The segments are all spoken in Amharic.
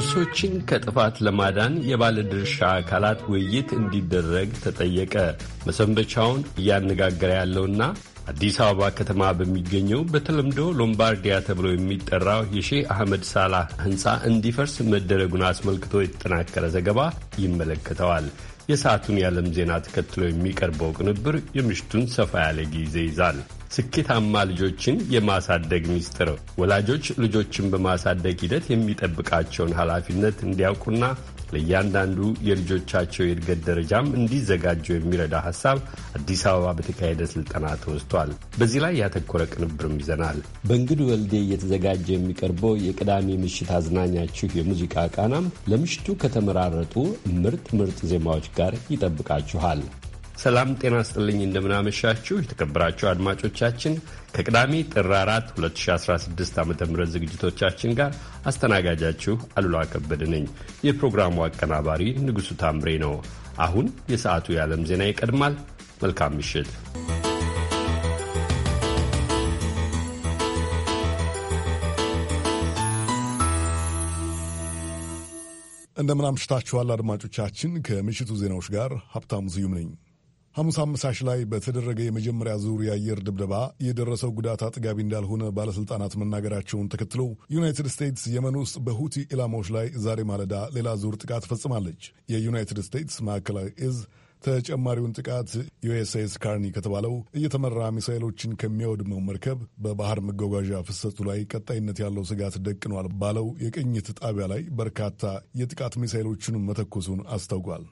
ጥርሶችን ከጥፋት ለማዳን የባለድርሻ አካላት ውይይት እንዲደረግ ተጠየቀ። መሰንበቻውን እያነጋገረ ያለውና አዲስ አበባ ከተማ በሚገኘው በተለምዶ ሎምባርዲያ ተብሎ የሚጠራው የሼህ አህመድ ሳላህ ህንፃ እንዲፈርስ መደረጉን አስመልክቶ የተጠናከረ ዘገባ ይመለከተዋል። የሰዓቱን የዓለም ዜና ተከትሎ የሚቀርበው ቅንብር የምሽቱን ሰፋ ያለ ጊዜ ይዛል። ስኬታማ ልጆችን የማሳደግ ሚስጥር፣ ወላጆች ልጆችን በማሳደግ ሂደት የሚጠብቃቸውን ኃላፊነት እንዲያውቁና ለእያንዳንዱ የልጆቻቸው የእድገት ደረጃም እንዲዘጋጀው የሚረዳ ሀሳብ አዲስ አበባ በተካሄደ ስልጠና ተወስቷል። በዚህ ላይ ያተኮረ ቅንብርም ይዘናል። በእንግዱ ወልዴ እየተዘጋጀ የሚቀርበው የቅዳሜ ምሽት አዝናኛችሁ የሙዚቃ ቃናም ለምሽቱ ከተመራረጡ ምርጥ ምርጥ ዜማዎች ጋር ይጠብቃችኋል። ሰላም ጤና ስጥልኝ። እንደምናመሻችሁ የተከበራችሁ አድማጮቻችን ከቅዳሜ ጥር 4 2016 ዓ ም ዝግጅቶቻችን ጋር አስተናጋጃችሁ አሉላ ከበደ ነኝ። የፕሮግራሙ አቀናባሪ ንጉሡ ታምሬ ነው። አሁን የሰዓቱ የዓለም ዜና ይቀድማል። መልካም ምሽት። እንደምን አምሽታችኋል አድማጮቻችን። ከምሽቱ ዜናዎች ጋር ሀብታሙ ዝዩም ነኝ። ሐሙስ አመሻሽ ላይ በተደረገ የመጀመሪያ ዙር የአየር ድብደባ የደረሰው ጉዳት አጥጋቢ እንዳልሆነ ባለሥልጣናት መናገራቸውን ተከትሎ ዩናይትድ ስቴትስ የመን ውስጥ በሁቲ ኢላማዎች ላይ ዛሬ ማለዳ ሌላ ዙር ጥቃት ፈጽማለች። የዩናይትድ ስቴትስ ማዕከላዊ እዝ ተጨማሪውን ጥቃት ዩኤስኤስ ካርኒ ከተባለው እየተመራ ሚሳይሎችን ከሚያወድመው መርከብ በባህር መጓጓዣ ፍሰቱ ላይ ቀጣይነት ያለው ስጋት ደቅኗል ባለው የቅኝት ጣቢያ ላይ በርካታ የጥቃት ሚሳይሎችን መተኮሱን አስታውቋል።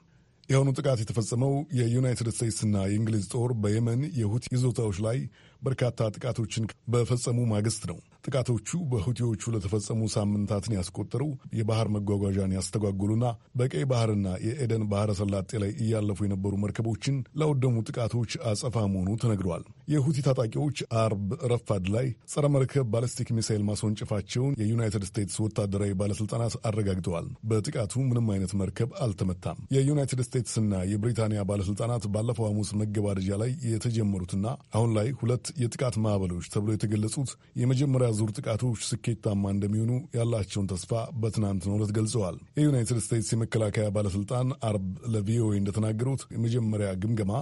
የአሁኑ ጥቃት የተፈጸመው የዩናይትድ ስቴትስና የእንግሊዝ ጦር በየመን የሁቲ ይዞታዎች ላይ በርካታ ጥቃቶችን በፈጸሙ ማግስት ነው። ጥቃቶቹ በሁቲዎቹ ለተፈጸሙ ሳምንታትን ያስቆጠሩ የባህር መጓጓዣን ያስተጓጉሉና በቀይ ባህርና የኤደን ባህረ ሰላጤ ላይ እያለፉ የነበሩ መርከቦችን ላወደሙ ጥቃቶች አጸፋ መሆኑ ተነግረዋል። የሁቲ ታጣቂዎች አርብ ረፋድ ላይ ጸረ መርከብ ባለስቲክ ሚሳይል ማስወንጨፋቸውን የዩናይትድ ስቴትስ ወታደራዊ ባለስልጣናት አረጋግጠዋል። በጥቃቱ ምንም አይነት መርከብ አልተመታም። የዩናይትድ ስቴትስና የብሪታንያ ባለስልጣናት ባለፈው ሐሙስ መገባደጃ ላይ የተጀመሩትና አሁን ላይ ሁለት የጥቃት ማዕበሎች ተብሎ የተገለጹት የመጀመሪያ ዙር ጥቃቶች ስኬታማ እንደሚሆኑ ያላቸውን ተስፋ በትናንትናው ዕለት ገልጸዋል። የዩናይትድ ስቴትስ የመከላከያ ባለስልጣን አርብ ለቪኦኤ እንደተናገሩት የመጀመሪያ ግምገማ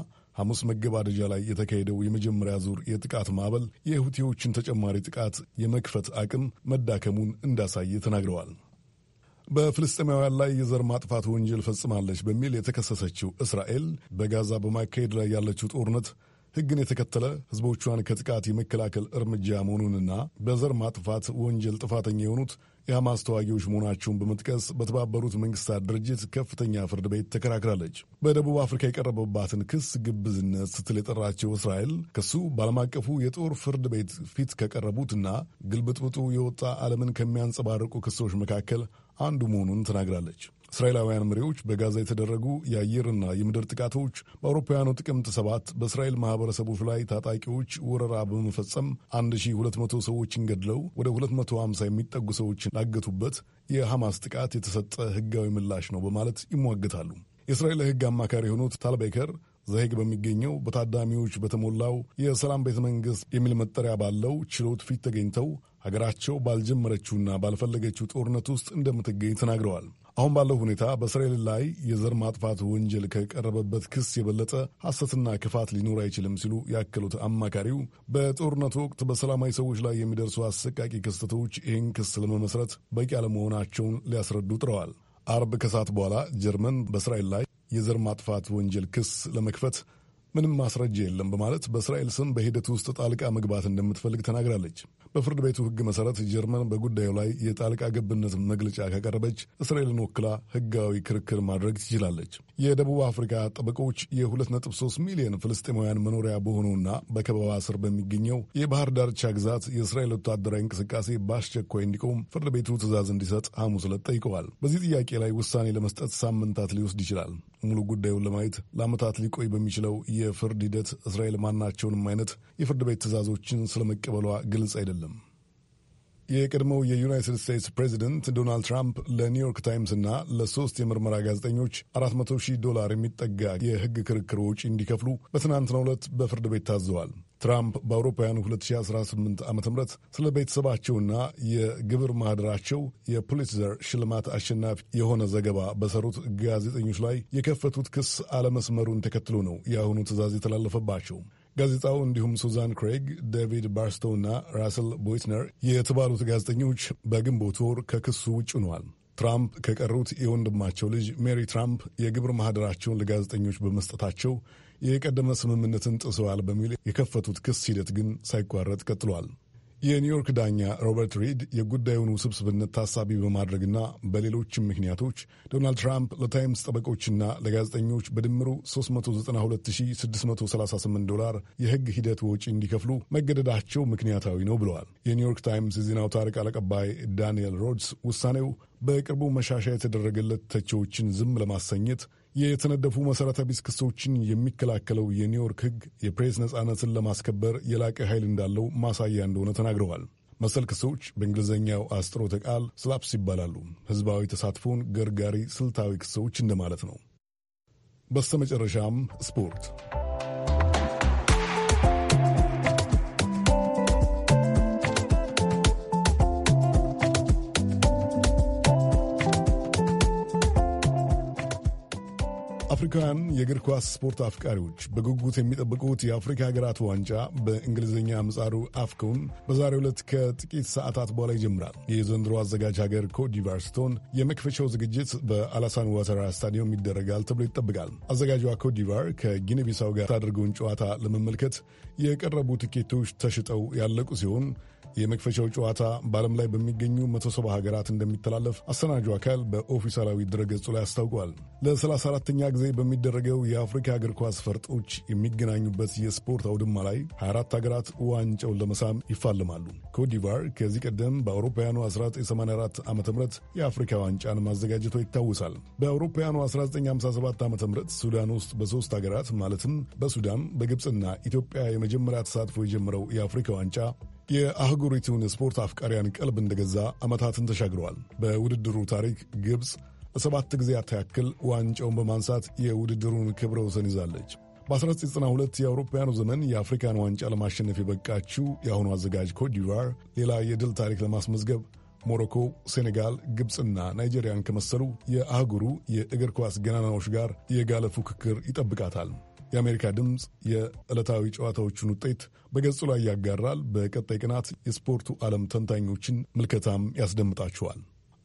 ሐሙስ መገባደጃ ላይ የተካሄደው የመጀመሪያ ዙር የጥቃት ማዕበል የሁቲዎችን ተጨማሪ ጥቃት የመክፈት አቅም መዳከሙን እንዳሳየ ተናግረዋል። በፍልስጤማውያን ላይ የዘር ማጥፋት ወንጀል ፈጽማለች በሚል የተከሰሰችው እስራኤል በጋዛ በማካሄድ ላይ ያለችው ጦርነት ሕግን የተከተለ ሕዝቦቿን ከጥቃት የመከላከል እርምጃ መሆኑንና በዘር ማጥፋት ወንጀል ጥፋተኛ የሆኑት የሐማስ ተዋጊዎች መሆናቸውን በመጥቀስ በተባበሩት መንግስታት ድርጅት ከፍተኛ ፍርድ ቤት ተከራክራለች። በደቡብ አፍሪካ የቀረበባትን ክስ ግብዝነት ስትል የጠራቸው እስራኤል ክሱ በዓለም አቀፉ የጦር ፍርድ ቤት ፊት ከቀረቡትና ግልብጥብጡ የወጣ ዓለምን ከሚያንጸባርቁ ክሶች መካከል አንዱ መሆኑን ተናግራለች። እስራኤላውያን መሪዎች በጋዛ የተደረጉ የአየርና የምድር ጥቃቶች በአውሮፓውያኑ ጥቅምት ሰባት በእስራኤል ማህበረሰቦች ላይ ታጣቂዎች ወረራ በመፈጸም 1200 ሰዎችን ገድለው ወደ 250 የሚጠጉ ሰዎችን ላገቱበት የሐማስ ጥቃት የተሰጠ ህጋዊ ምላሽ ነው በማለት ይሟገታሉ። የእስራኤል ህግ አማካሪ የሆኑት ታልቤከር ዘሄግ በሚገኘው በታዳሚዎች በተሞላው የሰላም ቤተ መንግሥት የሚል መጠሪያ ባለው ችሎት ፊት ተገኝተው ሀገራቸው ባልጀመረችውና ባልፈለገችው ጦርነት ውስጥ እንደምትገኝ ተናግረዋል። አሁን ባለው ሁኔታ በእስራኤል ላይ የዘር ማጥፋት ወንጀል ከቀረበበት ክስ የበለጠ ሐሰትና ክፋት ሊኖር አይችልም ሲሉ ያከሉት አማካሪው በጦርነቱ ወቅት በሰላማዊ ሰዎች ላይ የሚደርሱ አሰቃቂ ክስተቶች ይህን ክስ ለመመስረት በቂ አለመሆናቸውን ሊያስረዱ ጥረዋል። አርብ ከሰዓት በኋላ ጀርመን በእስራኤል ላይ የዘር ማጥፋት ወንጀል ክስ ለመክፈት ምንም ማስረጃ የለም በማለት በእስራኤል ስም በሂደት ውስጥ ጣልቃ መግባት እንደምትፈልግ ተናግራለች። በፍርድ ቤቱ ሕግ መሠረት ጀርመን በጉዳዩ ላይ የጣልቃ ገብነት መግለጫ ካቀረበች እስራኤልን ወክላ ሕጋዊ ክርክር ማድረግ ትችላለች። የደቡብ አፍሪካ ጠበቆች የ2.3 ሚሊዮን ፍልስጤማውያን መኖሪያ በሆነውና በከበባ ስር በሚገኘው የባህር ዳርቻ ግዛት የእስራኤል ወታደራዊ እንቅስቃሴ በአስቸኳይ እንዲቆም ፍርድ ቤቱ ትዕዛዝ እንዲሰጥ ሐሙስ ዕለት ጠይቀዋል። በዚህ ጥያቄ ላይ ውሳኔ ለመስጠት ሳምንታት ሊወስድ ይችላል። ሙሉ ጉዳዩን ለማየት ለዓመታት ሊቆይ በሚችለው የፍርድ ሂደት እስራኤል ማናቸውንም አይነት የፍርድ ቤት ትዕዛዞችን ስለመቀበሏ ግልጽ አይደለም። የቀድሞው የዩናይትድ ስቴትስ ፕሬዚደንት ዶናልድ ትራምፕ ለኒውዮርክ ታይምስና ለሶስት የምርመራ ጋዜጠኞች 400 ሺህ ዶላር የሚጠጋ የሕግ ክርክር ወጪ እንዲከፍሉ በትናንትናው ዕለት በፍርድ ቤት ታዘዋል። ትራምፕ በአውሮፓውያኑ 2018 ዓ ም ስለ ቤተሰባቸውና የግብር ማህደራቸው የፑሊትዘር ሽልማት አሸናፊ የሆነ ዘገባ በሰሩት ጋዜጠኞች ላይ የከፈቱት ክስ አለመስመሩን ተከትሎ ነው የአሁኑ ትዕዛዝ የተላለፈባቸው። ጋዜጣው እንዲሁም ሱዛን ክሬግ፣ ዴቪድ እና ራስል ቦይትነር የተባሉት ጋዜጠኞች በግንቦት ወር ከክሱ ውጭ ሆነዋል። ትራምፕ ከቀሩት የወንድማቸው ልጅ ሜሪ ትራምፕ የግብር ማህደራቸውን ለጋዜጠኞች በመስጠታቸው የቀደመ ስምምነትን ጥሰዋል በሚል የከፈቱት ክስ ሂደት ግን ሳይቋረጥ ቀጥሏል። የኒውዮርክ ዳኛ ሮበርት ሪድ የጉዳዩን ውስብስብነት ታሳቢ በማድረግና በሌሎችም ምክንያቶች ዶናልድ ትራምፕ ለታይምስ ጠበቆችና ለጋዜጠኞች በድምሩ 392638 ዶላር የሕግ ሂደት ወጪ እንዲከፍሉ መገደዳቸው ምክንያታዊ ነው ብለዋል። የኒውዮርክ ታይምስ የዜናው አውታር ቃል አቀባይ ዳንኤል ሮድስ ውሳኔው በቅርቡ መሻሻያ የተደረገለት ተቺዎችን ዝም ለማሰኘት የተነደፉ መሠረተ ቢስ ክሶችን የሚከላከለው የኒውዮርክ ሕግ የፕሬስ ነጻነትን ለማስከበር የላቀ ኃይል እንዳለው ማሳያ እንደሆነ ተናግረዋል። መሰል ክሶች በእንግሊዝኛው አስጥሮተ ቃል ስላፕስ ይባላሉ። ህዝባዊ ተሳትፎን ገርጋሪ ስልታዊ ክሶች እንደማለት ነው። በስተመጨረሻም ስፖርት አፍሪካውያን የእግር ኳስ ስፖርት አፍቃሪዎች በጉጉት የሚጠብቁት የአፍሪካ ሀገራት ዋንጫ በእንግሊዝኛ ምጻሩ አፍኮን በዛሬው ዕለት ከጥቂት ሰዓታት በኋላ ይጀምራል። የዘንድሮ አዘጋጅ ሀገር ኮትዲቯር ስትሆን የመክፈቻው ዝግጅት በአላሳን ዋተራ ስታዲየም ይደረጋል ተብሎ ይጠብቃል። አዘጋጇ ኮትዲቯር ከጊኔቢሳው ጋር ታደርገውን ጨዋታ ለመመልከት የቀረቡ ትኬቶች ተሽጠው ያለቁ ሲሆን የመክፈቻው ጨዋታ በዓለም ላይ በሚገኙ 170 ሀገራት እንደሚተላለፍ አሰናጁ አካል በኦፊሳላዊ ድረገጹ ላይ አስታውቋል። ለ34ተኛ ጊዜ በሚደረገው የአፍሪካ እግር ኳስ ፈርጦች የሚገናኙበት የስፖርት አውድማ ላይ 24 ሀገራት ዋንጫውን ለመሳም ይፋለማሉ። ኮትዲቫር ከዚህ ቀደም በአውሮፓውያኑ 1984 ዓ ም የአፍሪካ ዋንጫን ማዘጋጀቷ ይታወሳል። በአውሮፓውያኑ 1957 ዓ ም ሱዳን ውስጥ በሶስት ሀገራት ማለትም በሱዳን በግብፅና ኢትዮጵያ የመጀመሪያ ተሳትፎ የጀመረው የአፍሪካ ዋንጫ የአህጉሪቱን ስፖርት አፍቃሪያን ቀልብ እንደገዛ ዓመታትን ተሻግረዋል። በውድድሩ ታሪክ ግብፅ ለሰባት ጊዜያት ያክል ዋንጫውን በማንሳት የውድድሩን ክብረ ወሰን ይዛለች። በ1992 የአውሮፓውያኑ ዘመን የአፍሪካን ዋንጫ ለማሸነፍ የበቃችው የአሁኑ አዘጋጅ ኮትዲቫር ሌላ የድል ታሪክ ለማስመዝገብ ሞሮኮ፣ ሴኔጋል፣ ግብፅና ናይጄሪያን ከመሰሉ የአህጉሩ የእግር ኳስ ገናናዎች ጋር የጋለ ፉክክር ይጠብቃታል። የአሜሪካ ድምፅ የዕለታዊ ጨዋታዎቹን ውጤት በገጹ ላይ ያጋራል። በቀጣይ ቀናት የስፖርቱ ዓለም ተንታኞችን ምልከታም ያስደምጣችኋል።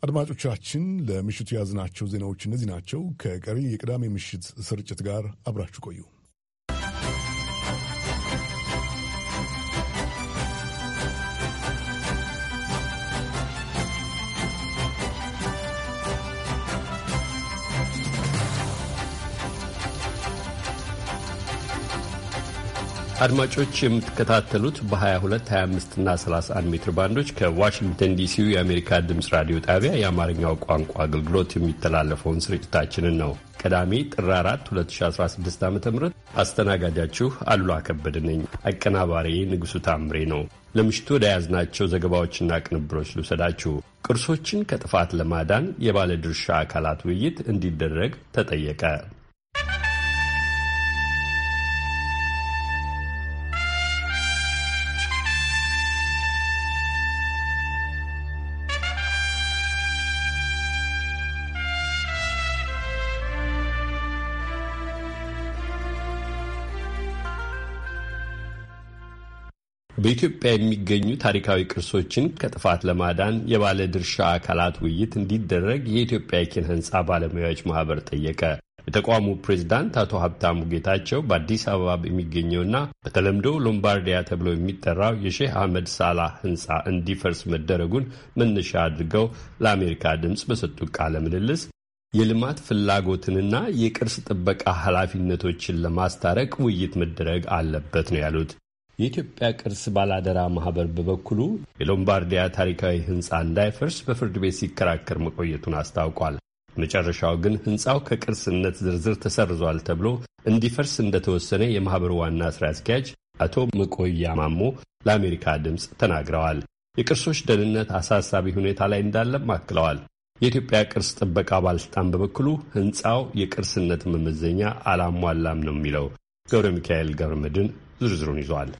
አድማጮቻችን፣ ለምሽቱ የያዝናቸው ዜናዎች እነዚህ ናቸው። ከቀሪ የቅዳሜ ምሽት ስርጭት ጋር አብራችሁ ቆዩ። አድማጮች የምትከታተሉት በ22፣ 25 እና 31 ሜትር ባንዶች ከዋሽንግተን ዲሲው የአሜሪካ ድምፅ ራዲዮ ጣቢያ የአማርኛው ቋንቋ አገልግሎት የሚተላለፈውን ስርጭታችንን ነው። ቅዳሜ ጥር 4 2016 ዓ ም አስተናጋጃችሁ አሉላ ከበደ ነኝ። አቀናባሪ ንጉሱ ታምሬ ነው። ለምሽቱ ወደ ያዝናቸው ዘገባዎችና ቅንብሮች ልውሰዳችሁ። ቅርሶችን ከጥፋት ለማዳን የባለድርሻ አካላት ውይይት እንዲደረግ ተጠየቀ። በኢትዮጵያ የሚገኙ ታሪካዊ ቅርሶችን ከጥፋት ለማዳን የባለ ድርሻ አካላት ውይይት እንዲደረግ የኢትዮጵያ የኪነ ህንፃ ባለሙያዎች ማህበር ጠየቀ። የተቋሙ ፕሬዚዳንት አቶ ሀብታሙ ጌታቸው በአዲስ አበባ የሚገኘውና በተለምዶ ሎምባርዲያ ተብሎ የሚጠራው የሼህ አህመድ ሳላህ ህንፃ እንዲፈርስ መደረጉን መነሻ አድርገው ለአሜሪካ ድምፅ በሰጡ ቃለ ምልልስ የልማት ፍላጎትንና የቅርስ ጥበቃ ኃላፊነቶችን ለማስታረቅ ውይይት መደረግ አለበት ነው ያሉት። የኢትዮጵያ ቅርስ ባላደራ ማህበር በበኩሉ የሎምባርዲያ ታሪካዊ ህንፃ እንዳይፈርስ በፍርድ ቤት ሲከራከር መቆየቱን አስታውቋል። መጨረሻው ግን ህንፃው ከቅርስነት ዝርዝር ተሰርዟል ተብሎ እንዲፈርስ እንደተወሰነ የማህበሩ ዋና ስራ አስኪያጅ አቶ መቆያ ማሞ ለአሜሪካ ድምፅ ተናግረዋል። የቅርሶች ደህንነት አሳሳቢ ሁኔታ ላይ እንዳለም አክለዋል። የኢትዮጵያ ቅርስ ጥበቃ ባለስልጣን በበኩሉ ህንፃው የቅርስነት መመዘኛ አላሟላም ነው የሚለው። ገብረ ሚካኤል ገብረ መድን ዝርዝሩን ይዟል።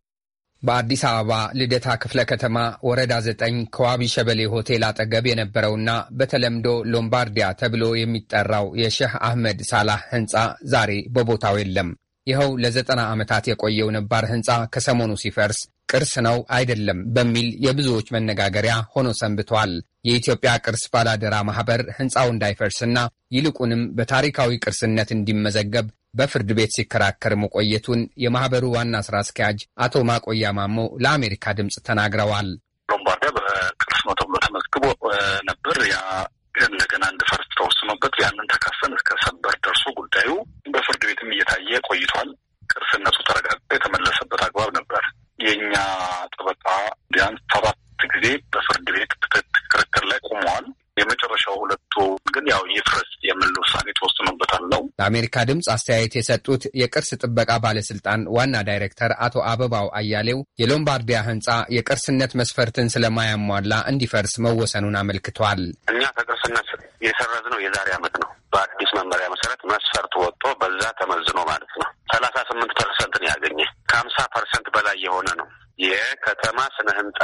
በአዲስ አበባ ልደታ ክፍለ ከተማ ወረዳ ዘጠኝ ከዋቢ ሸበሌ ሆቴል አጠገብ የነበረውና በተለምዶ ሎምባርዲያ ተብሎ የሚጠራው የሼህ አህመድ ሳላህ ህንፃ ዛሬ በቦታው የለም። ይኸው ለዘጠና ዓመታት የቆየው ነባር ህንፃ ከሰሞኑ ሲፈርስ ቅርስ ነው አይደለም በሚል የብዙዎች መነጋገሪያ ሆኖ ሰንብቷል። የኢትዮጵያ ቅርስ ባላደራ ማህበር ህንፃው እንዳይፈርስና ይልቁንም በታሪካዊ ቅርስነት እንዲመዘገብ በፍርድ ቤት ሲከራከር መቆየቱን የማህበሩ ዋና ስራ አስኪያጅ አቶ ማቆያ ማሞ ለአሜሪካ ድምፅ ተናግረዋል። ሎምባርዲያ በቅዱስ ነው ተብሎ ተመዝግቦ ነበር። ያ እንደገና እንዲፈርስ ተወስኖበት ያንን ተካሰን እስከ ሰበር ደርሶ ጉዳዩ በፍርድ ቤትም እየታየ ቆይቷል። ቅርስነቱ ተረጋግጦ የተመለሰበት አግባብ ነበር። የእኛ ጠበቃ ቢያንስ ሰባት ጊዜ በፍርድ ቤት ክርክር ላይ ቆመዋል። የመጨረሻው ሁለቱ ግን ያው ይፍረስ የሚል ውሳኔ ተወስኖበታል ነው። ለአሜሪካ ድምፅ አስተያየት የሰጡት የቅርስ ጥበቃ ባለስልጣን ዋና ዳይሬክተር አቶ አበባው አያሌው የሎምባርዲያ ህንፃ የቅርስነት መስፈርትን ስለማያሟላ እንዲፈርስ መወሰኑን አመልክቷል። እኛ ከቅርስነት የሰረዝነው የዛሬ ዓመት ነው። በአዲስ መመሪያ መሰረት መስፈርት ወጥቶ በዛ ተመዝኖ ማለት ነው ሰላሳ ስምንት ፐርሰንት ነው ያገኘ ከሀምሳ ፐርሰንት በላይ የሆነ ነው የከተማ ስነ ህንፃ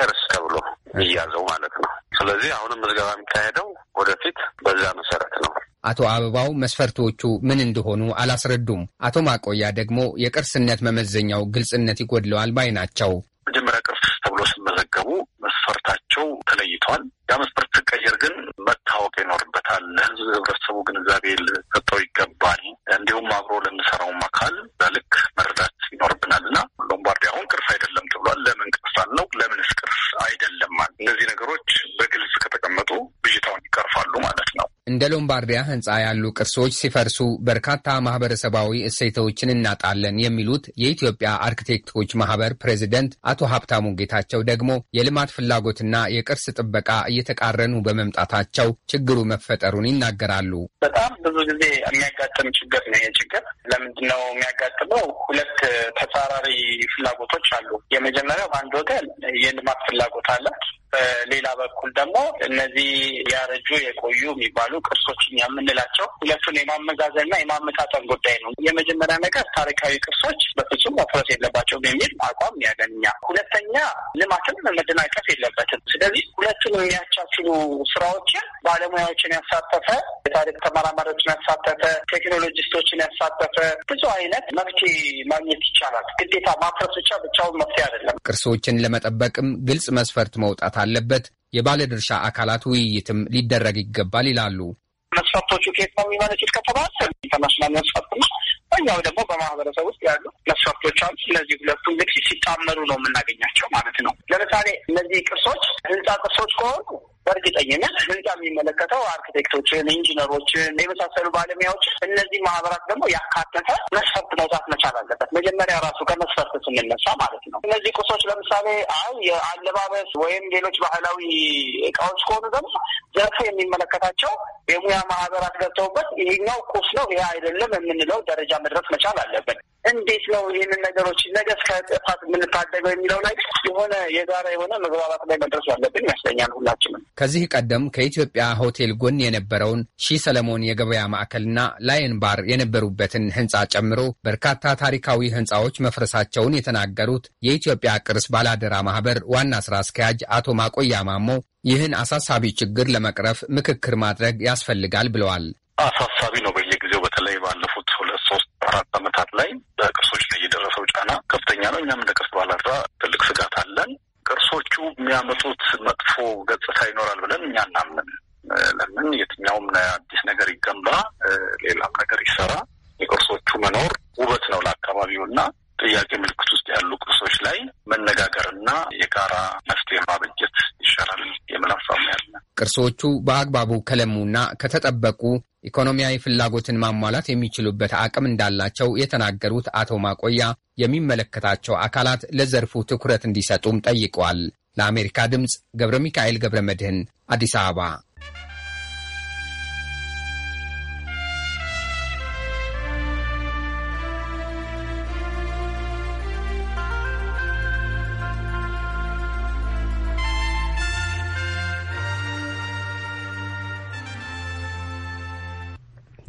ቅርስ ተብሎ እያዘው ማለት ነው። ስለዚህ አሁንም ምዝገባ የሚካሄደው ወደፊት በዛ መሰረት ነው። አቶ አበባው መስፈርቶቹ ምን እንደሆኑ አላስረዱም። አቶ ማቆያ ደግሞ የቅርስነት መመዘኛው ግልጽነት ይጎድለዋል ባይ ናቸው። መጀመሪያ ቅርስ ተብሎ ሲመዘገቡ መስፈርታቸው ተለይቷል። ያ መስፈርት ሲቀየር ግን መታወቅ ይኖርበታል። ለህዝብ ህብረተሰቡ ግንዛቤ ልሰጠው ይገባል። እንዲሁም አብሮ ለሚሰራውም አካል በልክ መረዳት ይኖርብናል እና ሎምባርዲ አሁን ቅርስ አይደለም ሲባል ለምን ቅርስ ነው? ለምንስ ቅርስ አይደለም ማለት እነዚህ ነገሮች በግልጽ ከተቀመጡ ብዥታውን ይቀርፋሉ ማለት ነው። እንደ ሎምባርዲያ ህንፃ ያሉ ቅርሶች ሲፈርሱ በርካታ ማህበረሰባዊ እሴቶችን እናጣለን የሚሉት የኢትዮጵያ አርክቴክቶች ማህበር ፕሬዚደንት አቶ ሀብታሙ ጌታቸው ደግሞ የልማት ፍላጎትና የቅርስ ጥበቃ እየተቃረኑ በመምጣታቸው ችግሩ መፈጠሩን ይናገራሉ። በጣም ብዙ ጊዜ የሚያጋጥም ችግር ነው። ይሄ ችግር ለምንድን ነው የሚያጋጥመው? ሁለት ተጻራሪ ፍላጎቶች አሉ። የመጀመሪያው በአንድ ወገን የልማት ፍላጎት አለ። በሌላ በኩል ደግሞ እነዚህ ያረጁ የቆዩ የሚባሉ ቅርሶች የምንላቸው ሁለቱን የማመዛዘንና የማመጣጠን ጉዳይ ነው። የመጀመሪያ ነገር ታሪካዊ ቅርሶች በፍጹም መፍረስ የለባቸውም የሚል አቋም ያገኛ፣ ሁለተኛ ልማትም መደናቀፍ የለበትም። ስለዚህ ሁለቱን የሚያቻችሉ ስራዎችን ባለሙያዎችን ያሳተፈ የታሪክ ተመራማሪዎችን ያሳተፈ ቴክኖሎጂስቶችን ያሳተፈ ብዙ አይነት መፍትሄ ማግኘት ይቻላል። ግዴታ ማፍረስ ብቻ ብቻውን መፍትሄ አይደለም። ቅርሶችን ለመጠበቅም ግልጽ መስፈርት መውጣት ካለበት የባለድርሻ አካላት ውይይትም ሊደረግ ይገባል ይላሉ። መስፈርቶቹ ከየት ነው የሚመነጩት ከተባለ ተመስላ መስፈርት ነው። እኛው ደግሞ በማህበረሰብ ውስጥ ያሉ መስፈርቶች አሉ። እነዚህ ሁለቱ እንግዲህ ሲጣመሩ ነው የምናገኛቸው ማለት ነው። ለምሳሌ እነዚህ ቅርሶች ህንፃ ቅርሶች ከሆኑ በእርግጠኝነት ህንፃ የሚመለከተው አርኪቴክቶችን፣ ኢንጂነሮችን የመሳሰሉ ባለሙያዎች እነዚህ ማህበራት ደግሞ ያካተተ መስፈርት መውጣት መቻል አለበት። መጀመሪያ ራሱ ከመስፈርት ስንነሳ ማለት ነው። እነዚህ ቁሶች ለምሳሌ አይ የአለባበስ ወይም ሌሎች ባህላዊ እቃዎች ከሆኑ ደግሞ ዘርፉ የሚመለከታቸው የሙያ ማህበራት ገብተውበት ይሄኛው ቁስ ነው ይሄ አይደለም የምንለው ደረጃ መድረስ መቻል አለበት። እንዴት ነው ይህንን ነገሮች ነገ እስከ ጥፋት የምንታደገው የሚለው ላይ የሆነ የጋራ የሆነ መግባባት ላይ መድረስ ያለብን ይመስለኛል ሁላችንም። ከዚህ ቀደም ከኢትዮጵያ ሆቴል ጎን የነበረውን ሺ ሰለሞን የገበያ ማዕከልና ላየን ባር የነበሩበትን ህንፃ ጨምሮ በርካታ ታሪካዊ ህንፃዎች መፍረሳቸውን የተናገሩት የኢትዮጵያ ቅርስ ባላደራ ማህበር ዋና ስራ አስኪያጅ አቶ ማቆያ ማሞ ይህን አሳሳቢ ችግር ለመቅረፍ ምክክር ማድረግ ያስፈልጋል ብለዋል። አሳሳቢ ነው። በየጊዜው በተለይ ባለፉት አራት ዓመታት ላይ በቅርሶች ላይ የደረሰው ጫና ከፍተኛ ነው። እኛም እንደ ቅርስ ባላድራ ትልቅ ስጋት አለን። ቅርሶቹ የሚያመጡት መጥፎ ገጽታ ይኖራል ብለን እኛ እናምን። ለምን የትኛውም አዲስ ነገር ይገንባ፣ ሌላም ነገር ይሰራ፣ የቅርሶቹ መኖር ውበት ነው ለአካባቢው እና ጥያቄ ምልክት ውስጥ ያሉ ቅርሶች ላይ መነጋገርና የጋራ መፍትሄ ማበጀት ይሻላል የምለው ያለ። ቅርሶቹ በአግባቡ ከለሙና ከተጠበቁ ኢኮኖሚያዊ ፍላጎትን ማሟላት የሚችሉበት አቅም እንዳላቸው የተናገሩት አቶ ማቆያ የሚመለከታቸው አካላት ለዘርፉ ትኩረት እንዲሰጡም ጠይቀዋል። ለአሜሪካ ድምፅ ገብረ ሚካኤል ገብረ መድህን አዲስ አበባ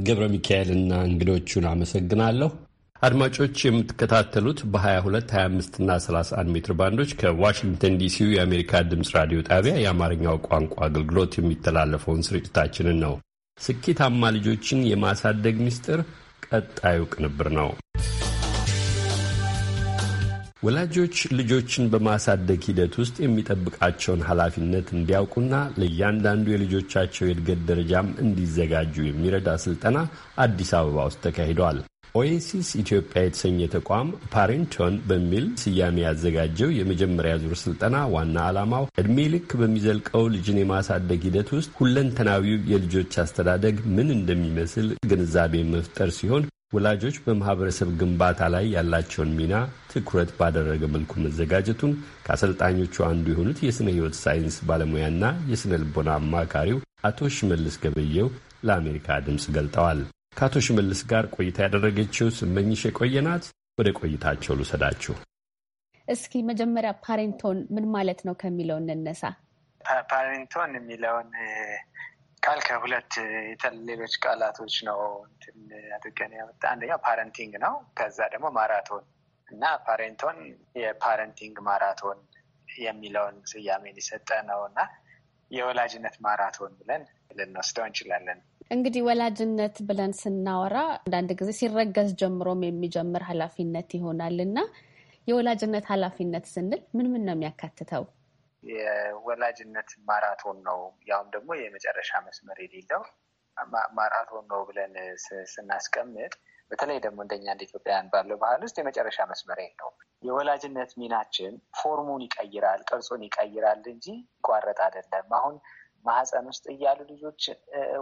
ገብረ ሚካኤልና እንግዶቹን አመሰግናለሁ። አድማጮች የምትከታተሉት በ22፣ 25 እና 31 ሜትር ባንዶች ከዋሽንግተን ዲሲው የአሜሪካ ድምፅ ራዲዮ ጣቢያ የአማርኛው ቋንቋ አገልግሎት የሚተላለፈውን ስርጭታችንን ነው። ስኬታማ ልጆችን የማሳደግ ምስጢር ቀጣዩ ቅንብር ነው። ወላጆች ልጆችን በማሳደግ ሂደት ውስጥ የሚጠብቃቸውን ኃላፊነት እንዲያውቁና ለእያንዳንዱ የልጆቻቸው የእድገት ደረጃም እንዲዘጋጁ የሚረዳ ስልጠና አዲስ አበባ ውስጥ ተካሂዷል። ኦኤሲስ ኢትዮጵያ የተሰኘ ተቋም ፓሬንቶን በሚል ስያሜ ያዘጋጀው የመጀመሪያ ዙር ስልጠና ዋና ዓላማው እድሜ ልክ በሚዘልቀው ልጅን የማሳደግ ሂደት ውስጥ ሁለንተናዊው የልጆች አስተዳደግ ምን እንደሚመስል ግንዛቤ መፍጠር ሲሆን ወላጆች በማህበረሰብ ግንባታ ላይ ያላቸውን ሚና ትኩረት ባደረገ መልኩ መዘጋጀቱን ከአሰልጣኞቹ አንዱ የሆኑት የሥነ ሕይወት ሳይንስ ባለሙያና የሥነ ልቦና አማካሪው አቶ ሽመልስ ገበየው ለአሜሪካ ድምፅ ገልጠዋል። ከአቶ ሽመልስ ጋር ቆይታ ያደረገችው ስመኝሽ የቆየናት ወደ ቆይታቸው ልውሰዳችሁ። እስኪ መጀመሪያ ፓሬንቶን ምን ማለት ነው ከሚለው እንነሳ። ፓሬንቶን የሚለውን ቃል ከሁለት ሌሎች ቃላቶች ነው አድርገን ያመጣ። አንደኛው ፓረንቲንግ ነው። ከዛ ደግሞ ማራቶን እና ፓሬንቶን የፓረንቲንግ ማራቶን የሚለውን ስያሜን የሰጠ ነው እና የወላጅነት ማራቶን ብለን ልንወስደው እንችላለን። እንግዲህ ወላጅነት ብለን ስናወራ አንዳንድ ጊዜ ሲረገዝ ጀምሮም የሚጀምር ኃላፊነት ይሆናል እና የወላጅነት ኃላፊነት ስንል ምን ምን ነው የሚያካትተው? የወላጅነት ማራቶን ነው። ያውም ደግሞ የመጨረሻ መስመር የሌለው ማራቶን ነው ብለን ስናስቀምጥ በተለይ ደግሞ እንደኛ እንደ ኢትዮጵያውያን ባለው ባህል ውስጥ የመጨረሻ መስመር የለውም። የወላጅነት ሚናችን ፎርሙን ይቀይራል፣ ቅርጹን ይቀይራል እንጂ ይቋረጥ አይደለም። አሁን ማህፀን ውስጥ እያሉ ልጆች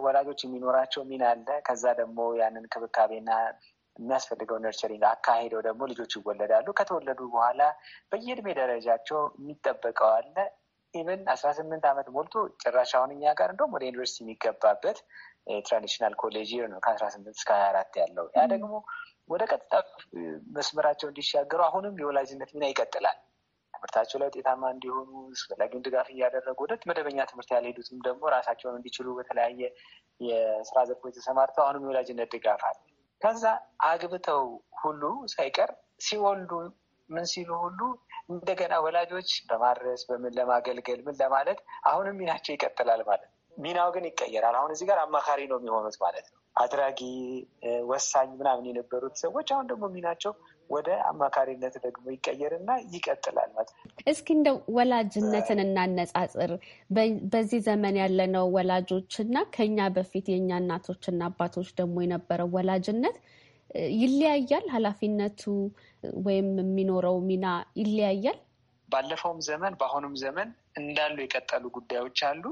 ወላጆች የሚኖራቸው ሚና አለ። ከዛ ደግሞ ያንን ክብካቤና የሚያስፈልገው ነርቸሪንግ አካሄደው ደግሞ ልጆች ይወለዳሉ። ከተወለዱ በኋላ በየእድሜ ደረጃቸው የሚጠበቀው አለ። ኢቨን አስራ ስምንት ዓመት ሞልቶ ጭራሽ አሁን እኛ ጋር እንደውም ወደ ዩኒቨርሲቲ የሚገባበት ትራዲሽናል eh, ኮሌጅ ነው ከአስራ ስምንት እስከ ሀያ አራት ያለው ያ ደግሞ ወደ ቀጥታ መስመራቸው እንዲሻገሩ አሁንም የወላጅነት ሚና ይቀጥላል። ትምህርታቸው ላይ ውጤታማ እንዲሆኑ አስፈላጊውን ድጋፍ እያደረጉ ወደ መደበኛ ትምህርት ያልሄዱትም ደግሞ ራሳቸውን እንዲችሉ በተለያየ የስራ ዘርፎች ተሰማርተው አሁንም የወላጅነት ድጋፍ አለ። ከዛ አግብተው ሁሉ ሳይቀር ሲወልዱ ምን ሲሉ ሁሉ እንደገና ወላጆች በማድረስ በምን ለማገልገል ምን ለማለት አሁንም ሚናቸው ይቀጥላል ማለት ነው። ሚናው ግን ይቀየራል። አሁን እዚህ ጋር አማካሪ ነው የሚሆኑት ማለት ነው። አድራጊ ወሳኝ ምናምን የነበሩት ሰዎች አሁን ደግሞ ሚናቸው ወደ አማካሪነት ደግሞ ይቀየርና ይቀጥላል ማለት ነው። እስኪ እንደ ወላጅነትን እናነጻጽር። በዚህ ዘመን ያለነው ወላጆች እና ከኛ በፊት የእኛ እናቶችና አባቶች ደግሞ የነበረው ወላጅነት ይለያያል። ኃላፊነቱ ወይም የሚኖረው ሚና ይለያያል። ባለፈውም ዘመን በአሁኑም ዘመን እንዳሉ የቀጠሉ ጉዳዮች አሉ።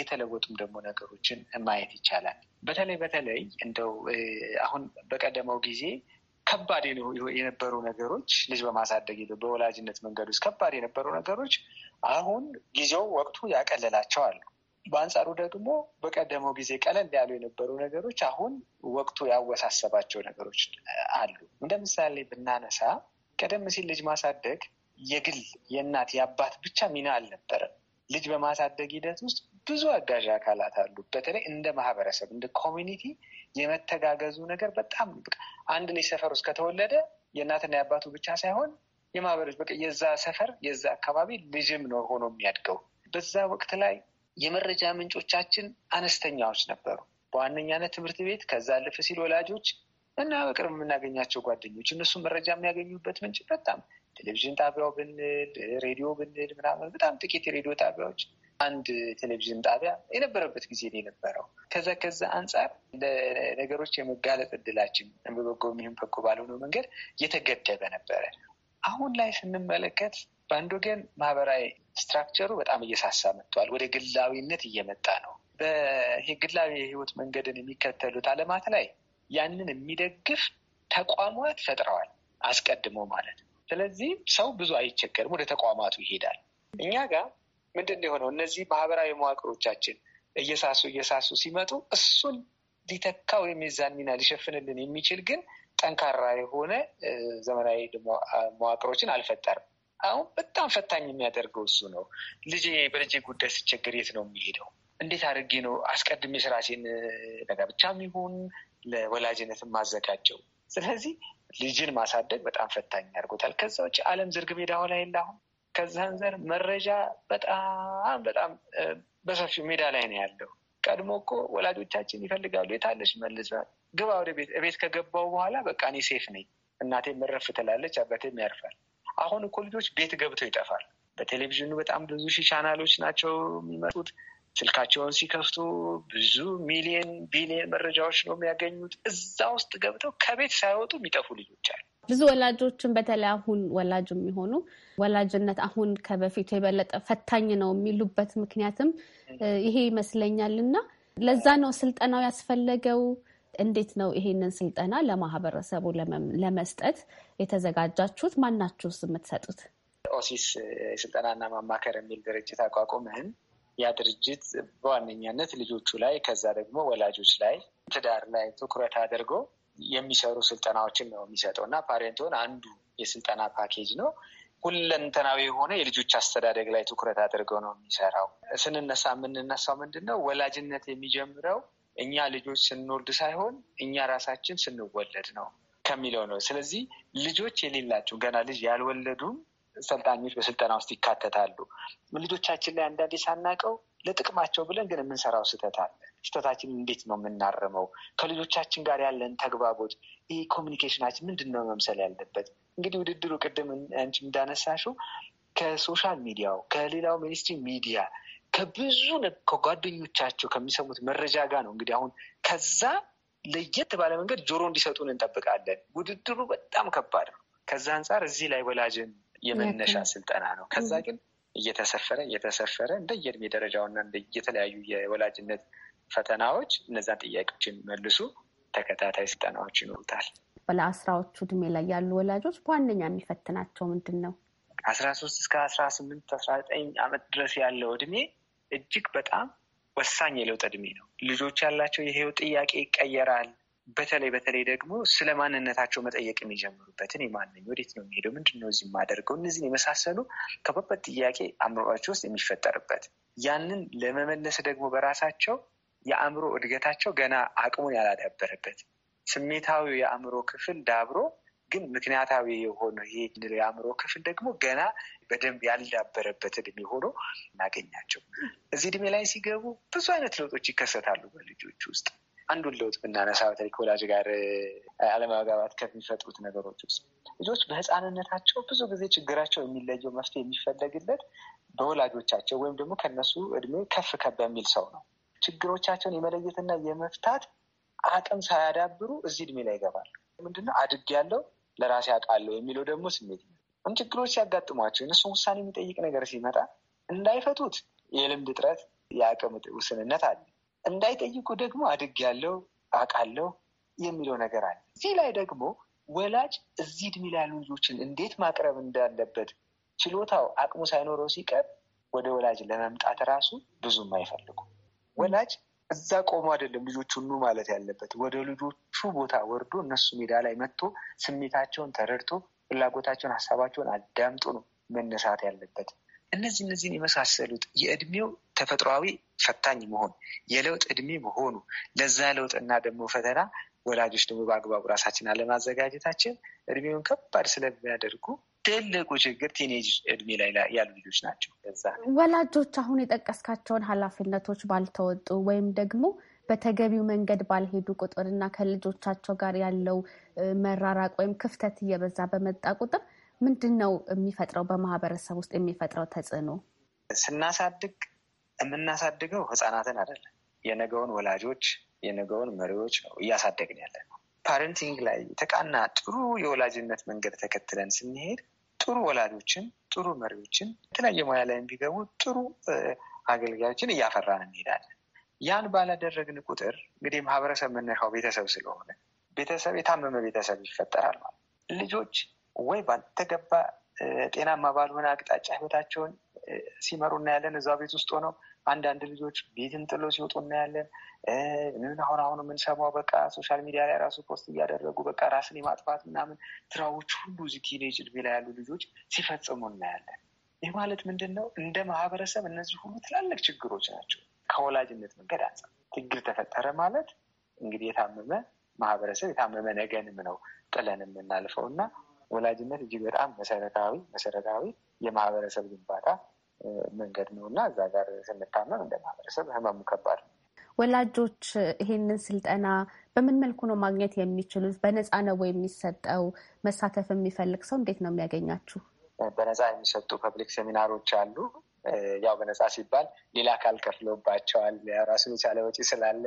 የተለወጡም ደግሞ ነገሮችን ማየት ይቻላል። በተለይ በተለይ እንደው አሁን በቀደመው ጊዜ ከባድ የነበሩ ነገሮች ልጅ በማሳደግ በወላጅነት መንገድ ውስጥ ከባድ የነበሩ ነገሮች አሁን ጊዜው ወቅቱ ያቀለላቸው አሉ። በአንጻሩ ደግሞ በቀደመው ጊዜ ቀለል ያሉ የነበሩ ነገሮች አሁን ወቅቱ ያወሳሰባቸው ነገሮች አሉ። እንደ ምሳሌ ብናነሳ ቀደም ሲል ልጅ ማሳደግ የግል የእናት የአባት ብቻ ሚና አልነበረም። ልጅ በማሳደግ ሂደት ውስጥ ብዙ አጋዥ አካላት አሉ። በተለይ እንደ ማህበረሰብ እንደ ኮሚኒቲ የመተጋገዙ ነገር በጣም አንድ ልጅ ሰፈር ውስጥ ከተወለደ የእናትና የአባቱ ብቻ ሳይሆን የማህበሮች በቃ የዛ ሰፈር የዛ አካባቢ ልጅም ነው ሆኖ የሚያድገው። በዛ ወቅት ላይ የመረጃ ምንጮቻችን አነስተኛዎች ነበሩ። በዋነኛነት ትምህርት ቤት፣ ከዛ አልፍ ሲል ወላጆች እና በቅርብ የምናገኛቸው ጓደኞች፣ እነሱ መረጃ የሚያገኙበት ምንጭ በጣም ቴሌቪዥን ጣቢያው ብንል ሬዲዮ ብንል ምናምን በጣም ጥቂት የሬዲዮ ጣቢያዎች አንድ ቴሌቪዥን ጣቢያ የነበረበት ጊዜ ነው የነበረው። ከዛ ከዛ አንጻር ለነገሮች የመጋለጥ እድላችን በበጎ የሚሆን በጎ ባልሆነው መንገድ እየተገደበ ነበረ። አሁን ላይ ስንመለከት በአንድ ወገን ማህበራዊ ስትራክቸሩ በጣም እየሳሳ መጥቷል። ወደ ግላዊነት እየመጣ ነው። በግላዊ የህይወት መንገድን የሚከተሉት አለማት ላይ ያንን የሚደግፍ ተቋማት ፈጥረዋል፣ አስቀድሞ ማለት ስለዚህ ሰው ብዙ አይቸገርም፣ ወደ ተቋማቱ ይሄዳል። እኛ ጋር ምንድን ነው የሆነው? እነዚህ ማህበራዊ መዋቅሮቻችን እየሳሱ እየሳሱ ሲመጡ እሱን ሊተካ ወይም የዛን ሚና ሊሸፍንልን የሚችል ግን ጠንካራ የሆነ ዘመናዊ መዋቅሮችን አልፈጠርም። አሁን በጣም ፈታኝ የሚያደርገው እሱ ነው። ልጄ በልጄ ጉዳይ ስቸገር የት ነው የሚሄደው? እንዴት አድርጌ ነው አስቀድሜ ስራሴን ለጋብቻ የሚሆን ለወላጅነት ማዘጋጀው ስለዚህ ልጅን ማሳደግ በጣም ፈታኝ ያደርጎታል። ከዛ ውጭ አለም ዝርግ ሜዳ ሆና የለ አሁን ከዛን ዘር መረጃ በጣም በጣም በሰፊው ሜዳ ላይ ነው ያለው። ቀድሞ እኮ ወላጆቻችን ይፈልጋሉ የታለች መልስ ግባ ወደ ቤት። ቤት ከገባው በኋላ በቃ እኔ ሴፍ ነኝ፣ እናቴም መረፍ ትላለች፣ አባቴም ያርፋል። አሁን እኮ ልጆች ቤት ገብተው ይጠፋል። በቴሌቪዥኑ በጣም ብዙ ሺህ ቻናሎች ናቸው የሚመጡት። ስልካቸውን ሲከፍቱ ብዙ ሚሊየን ቢሊየን መረጃዎች ነው የሚያገኙት። እዛ ውስጥ ገብተው ከቤት ሳይወጡ የሚጠፉ ልጆች አሉ። ብዙ ወላጆችን በተለይ አሁን ወላጅ የሚሆኑ ወላጅነት አሁን ከበፊቱ የበለጠ ፈታኝ ነው የሚሉበት ምክንያትም ይሄ ይመስለኛል። እና ለዛ ነው ስልጠናው ያስፈለገው። እንዴት ነው ይሄንን ስልጠና ለማህበረሰቡ ለመስጠት የተዘጋጃችሁት? ማናችሁስ የምትሰጡት? ኦሲስ ስልጠናና ማማከር የሚል ድርጅት አቋቁመን ያ ድርጅት በዋነኛነት ልጆቹ ላይ ከዛ ደግሞ ወላጆች ላይ ትዳር ላይ ትኩረት አድርጎ የሚሰሩ ስልጠናዎችን ነው የሚሰጠው እና ፓሬንትሆን ሆን አንዱ የስልጠና ፓኬጅ ነው። ሁለንተናዊ የሆነ የልጆች አስተዳደግ ላይ ትኩረት አድርገው ነው የሚሰራው። ስንነሳ የምንነሳው ምንድን ነው ወላጅነት የሚጀምረው እኛ ልጆች ስንወልድ ሳይሆን እኛ ራሳችን ስንወለድ ነው ከሚለው ነው። ስለዚህ ልጆች የሌላቸው ገና ልጅ ያልወለዱም ሰልጣኞች በስልጠና ውስጥ ይካተታሉ። ልጆቻችን ላይ አንዳንዴ ሳናቀው ለጥቅማቸው ብለን ግን የምንሰራው ስህተት አለ። ስህተታችን እንዴት ነው የምናርመው? ከልጆቻችን ጋር ያለን ተግባቦት፣ ይህ ኮሚኒኬሽናችን ምንድን ነው መምሰል ያለበት? እንግዲህ ውድድሩ ቅድም አንቺ እንዳነሳሽው ከሶሻል ሚዲያው ከሌላው ሚኒስትሪ ሚዲያ ከብዙ ከጓደኞቻቸው ከሚሰሙት መረጃ ጋር ነው እንግዲህ አሁን ከዛ ለየት ባለ መንገድ ጆሮ እንዲሰጡን እንጠብቃለን። ውድድሩ በጣም ከባድ ነው። ከዛ አንጻር እዚህ ላይ ወላጅን የመነሻ ስልጠና ነው። ከዛ ግን እየተሰፈረ እየተሰፈረ እንደየእድሜ ደረጃውና እንደየተለያዩ የወላጅነት ፈተናዎች እነዛን ጥያቄዎች የሚመልሱ ተከታታይ ስልጠናዎች ይኖሩታል። ለአስራዎቹ እድሜ ላይ ያሉ ወላጆች በዋነኛ የሚፈትናቸው ምንድን ነው? አስራ ሶስት እስከ አስራ ስምንት አስራ ዘጠኝ ዓመት ድረስ ያለው እድሜ እጅግ በጣም ወሳኝ የለውጥ እድሜ ነው። ልጆች ያላቸው የህይወት ጥያቄ ይቀየራል። በተለይ በተለይ ደግሞ ስለ ማንነታቸው መጠየቅ የሚጀምሩበትን የማንኝ ወዴት ነው የሚሄደው? ምንድን ነው እዚህ የማደርገው? እነዚህን የመሳሰሉ ከበበት ጥያቄ አእምሮአቸው ውስጥ የሚፈጠርበት ያንን ለመመለስ ደግሞ በራሳቸው የአእምሮ እድገታቸው ገና አቅሙን ያላዳበረበት ስሜታዊ የአእምሮ ክፍል ዳብሮ ግን ምክንያታዊ የሆነ ይሄ የአእምሮ ክፍል ደግሞ ገና በደንብ ያልዳበረበት እድሜ ሆኖ እናገኛቸው። እዚህ እድሜ ላይ ሲገቡ ብዙ አይነት ለውጦች ይከሰታሉ በልጆች ውስጥ። አንዱን ለውጥ ብናነሳ በተለይ ከወላጅ ጋር አለመግባባት ከሚፈጥሩት ነገሮች ውስጥ ልጆች በሕፃንነታቸው ብዙ ጊዜ ችግራቸው የሚለየው መፍትሄ የሚፈለግለት በወላጆቻቸው ወይም ደግሞ ከነሱ እድሜ ከፍ ከፍ በሚል ሰው ነው። ችግሮቻቸውን የመለየትና የመፍታት አቅም ሳያዳብሩ እዚህ እድሜ ላይ ይገባል። ምንድነው አድግ ያለው ለራሴ አውቃለሁ የሚለው ደግሞ ስሜት ነው። ችግሮች ሲያጋጥሟቸው እነሱን ውሳኔ የሚጠይቅ ነገር ሲመጣ እንዳይፈቱት የልምድ እጥረት፣ የአቅም ውስንነት አለ። እንዳይጠይቁ ደግሞ አድግ ያለው አውቃለሁ የሚለው ነገር አለ። እዚህ ላይ ደግሞ ወላጅ እዚህ እድሜ ላይ ያሉ ልጆችን እንዴት ማቅረብ እንዳለበት ችሎታው አቅሙ ሳይኖረው ሲቀር ወደ ወላጅ ለመምጣት ራሱ ብዙም አይፈልጉም። ወላጅ እዛ ቆሞ አይደለም ልጆቹ ኑ ማለት ያለበት፣ ወደ ልጆቹ ቦታ ወርዶ እነሱ ሜዳ ላይ መጥቶ ስሜታቸውን ተረድቶ ፍላጎታቸውን፣ ሀሳባቸውን አዳምጦ ነው መነሳት ያለበት። እነዚህ እነዚህን የመሳሰሉት የእድሜው ተፈጥሯዊ ፈታኝ መሆን የለውጥ እድሜ መሆኑ ለዛ ለውጥና ደግሞ ፈተና ወላጆች ደግሞ በአግባቡ ራሳችን አለማዘጋጀታችን እድሜውን ከባድ ስለሚያደርጉ ትልቁ ችግር ቲኔጅ እድሜ ላይ ያሉ ልጆች ናቸው። ከዛ ወላጆች አሁን የጠቀስካቸውን ኃላፊነቶች ባልተወጡ ወይም ደግሞ በተገቢው መንገድ ባልሄዱ ቁጥር እና ከልጆቻቸው ጋር ያለው መራራቅ ወይም ክፍተት እየበዛ በመጣ ቁጥር ምንድን ነው የሚፈጥረው? በማህበረሰብ ውስጥ የሚፈጥረው ተጽዕኖ ስናሳድግ የምናሳድገው ህፃናትን አይደለም፣ የነገውን ወላጆች የነገውን መሪዎች ነው እያሳደግን ያለ ነው። ፓረንቲንግ ላይ የተቃና ጥሩ የወላጅነት መንገድ ተከትለን ስንሄድ ጥሩ ወላጆችን፣ ጥሩ መሪዎችን፣ የተለያየ ሙያ ላይ የሚገቡ ጥሩ አገልጋዮችን እያፈራን እንሄዳለን። ያን ባላደረግን ቁጥር እንግዲህ ማህበረሰብ መነሻው ቤተሰብ ስለሆነ ቤተሰብ የታመመ ቤተሰብ ይፈጠራል ማለት ልጆች ወይ ባልተገባ ጤናማ ባልሆነ አቅጣጫ ህይወታቸውን ሲመሩ እናያለን። እዛ ቤት ውስጥ ሆነው አንዳንድ ልጆች ቤትን ጥሎ ሲወጡ እናያለን። ምን አሁን አሁን የምንሰማው በቃ ሶሻል ሚዲያ ላይ ራሱ ፖስት እያደረጉ በቃ ራስን የማጥፋት ምናምን ስራዎች ሁሉ እዚህ ቲኔጅ እድሜ ላይ ያሉ ልጆች ሲፈጽሙ እናያለን። ይህ ማለት ምንድን ነው? እንደ ማህበረሰብ እነዚህ ሁሉ ትላልቅ ችግሮች ናቸው። ከወላጅነት መንገድ አንጻር ችግር ተፈጠረ ማለት እንግዲህ የታመመ ማህበረሰብ የታመመ ነገንም ነው ጥለን የምናልፈው እና ወላጅነት እጅግ በጣም መሰረታዊ መሰረታዊ የማህበረሰብ ግንባታ መንገድ ነው እና እዛ ጋር ስንታመም እንደ ማህበረሰብ ህመሙ ከባድ ነው። ወላጆች ይሄንን ስልጠና በምን መልኩ ነው ማግኘት የሚችሉት? በነፃ ነው የሚሰጠው? መሳተፍ የሚፈልግ ሰው እንዴት ነው የሚያገኛችሁ? በነፃ የሚሰጡ ፐብሊክ ሴሚናሮች አሉ። ያው በነፃ ሲባል ሌላ አካል ከፍሎባቸዋል ራሱን የቻለ ወጪ ስላለ።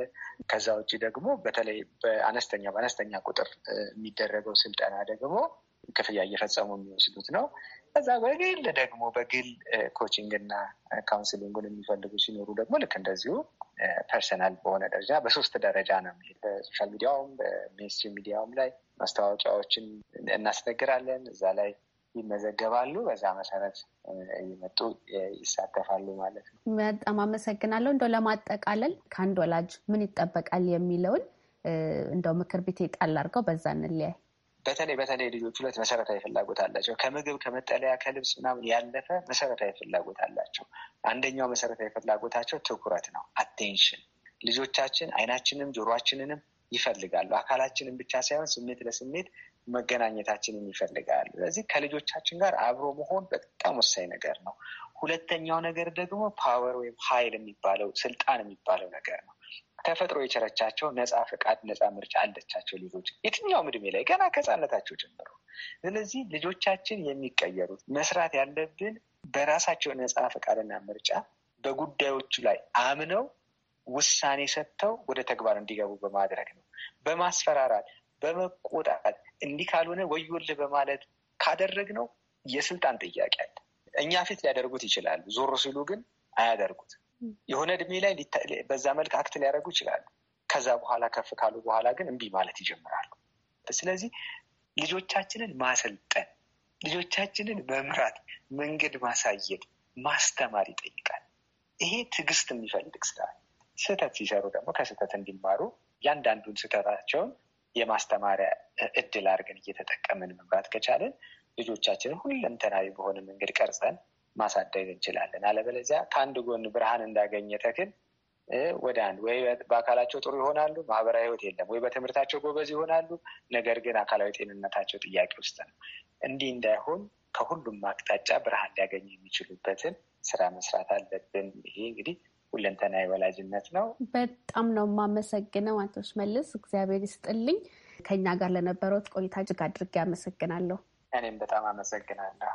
ከዛ ውጭ ደግሞ በተለይ በአነስተኛ በአነስተኛ ቁጥር የሚደረገው ስልጠና ደግሞ ክፍያ እየፈጸሙ የሚወስዱት ነው። ከዛ በግል ደግሞ በግል ኮችንግና ካውንስሊንግን የሚፈልጉ ሲኖሩ ደግሞ ልክ እንደዚሁ ፐርሰናል በሆነ ደረጃ በሶስት ደረጃ ነው የሚሄድ። በሶሻል ሚዲያውም በሜንስትሪም ሚዲያውም ላይ ማስታወቂያዎችን እናስነግራለን። እዛ ላይ ይመዘገባሉ። በዛ መሰረት እየመጡ ይሳተፋሉ ማለት ነው። በጣም አመሰግናለሁ። እንደው ለማጠቃለል ከአንድ ወላጅ ምን ይጠበቃል የሚለውን እንደው ምክር ቤት ጣል አድርገው በዛ እንለያይ። በተለይ በተለይ ልጆቹ ሁለት መሰረታዊ ፍላጎት አላቸው። ከምግብ ከመጠለያ፣ ከልብስ ምናምን ያለፈ መሰረታዊ ፍላጎት አላቸው። አንደኛው መሰረታዊ ፍላጎታቸው ትኩረት ነው፣ አቴንሽን። ልጆቻችን አይናችንም ጆሮአችንንም ይፈልጋሉ። አካላችንን ብቻ ሳይሆን ስሜት ለስሜት መገናኘታችንን ይፈልጋሉ። ስለዚህ ከልጆቻችን ጋር አብሮ መሆን በጣም ወሳኝ ነገር ነው። ሁለተኛው ነገር ደግሞ ፓወር ወይም ኃይል የሚባለው ስልጣን የሚባለው ነገር ነው። ተፈጥሮ የቸረቻቸው ነፃ ፍቃድ ነፃ ምርጫ አለቻቸው ልጆች የትኛውም እድሜ ላይ ገና ከህፃነታቸው ጀምሮ። ስለዚህ ልጆቻችን የሚቀየሩት መስራት ያለብን በራሳቸው ነፃ ፈቃድና ምርጫ በጉዳዮቹ ላይ አምነው ውሳኔ ሰጥተው ወደ ተግባር እንዲገቡ በማድረግ ነው። በማስፈራራት በመቆጣት እንዲህ ካልሆነ ወዮል በማለት ካደረግነው የስልጣን ጥያቄ አለ። እኛ ፊት ሊያደርጉት ይችላሉ። ዞሮ ሲሉ ግን አያደርጉት የሆነ እድሜ ላይ በዛ መልክ አክት ሊያደርጉ ይችላሉ። ከዛ በኋላ ከፍ ካሉ በኋላ ግን እምቢ ማለት ይጀምራሉ። ስለዚህ ልጆቻችንን ማሰልጠን፣ ልጆቻችንን መምራት፣ መንገድ ማሳየት፣ ማስተማር ይጠይቃል። ይሄ ትዕግስት የሚፈልግ ስራ። ስህተት ሲሰሩ ደግሞ ከስህተት እንዲማሩ እያንዳንዱን ስህተታቸውን የማስተማሪያ እድል አድርገን እየተጠቀምን መምራት ከቻለን ልጆቻችንን ሁለንተናዊ በሆነ መንገድ ቀርጸን ማሳደግ እንችላለን። አለበለዚያ ከአንድ ጎን ብርሃን እንዳገኘ ተክል ወደ አንድ ወይ በአካላቸው ጥሩ ይሆናሉ፣ ማህበራዊ ህይወት የለም፣ ወይ በትምህርታቸው ጎበዝ ይሆናሉ፣ ነገር ግን አካላዊ ጤንነታቸው ጥያቄ ውስጥ ነው። እንዲህ እንዳይሆን ከሁሉም አቅጣጫ ብርሃን ሊያገኙ የሚችሉበትን ስራ መስራት አለብን። ይሄ እንግዲህ ሁለንተና ወላጅነት ነው። በጣም ነው የማመሰግነው አቶ ሽመልስ፣ እግዚአብሔር ይስጥልኝ። ከኛ ጋር ለነበረውት ቆይታ እጅግ አድርጌ አመሰግናለሁ። እኔም በጣም አመሰግናለሁ።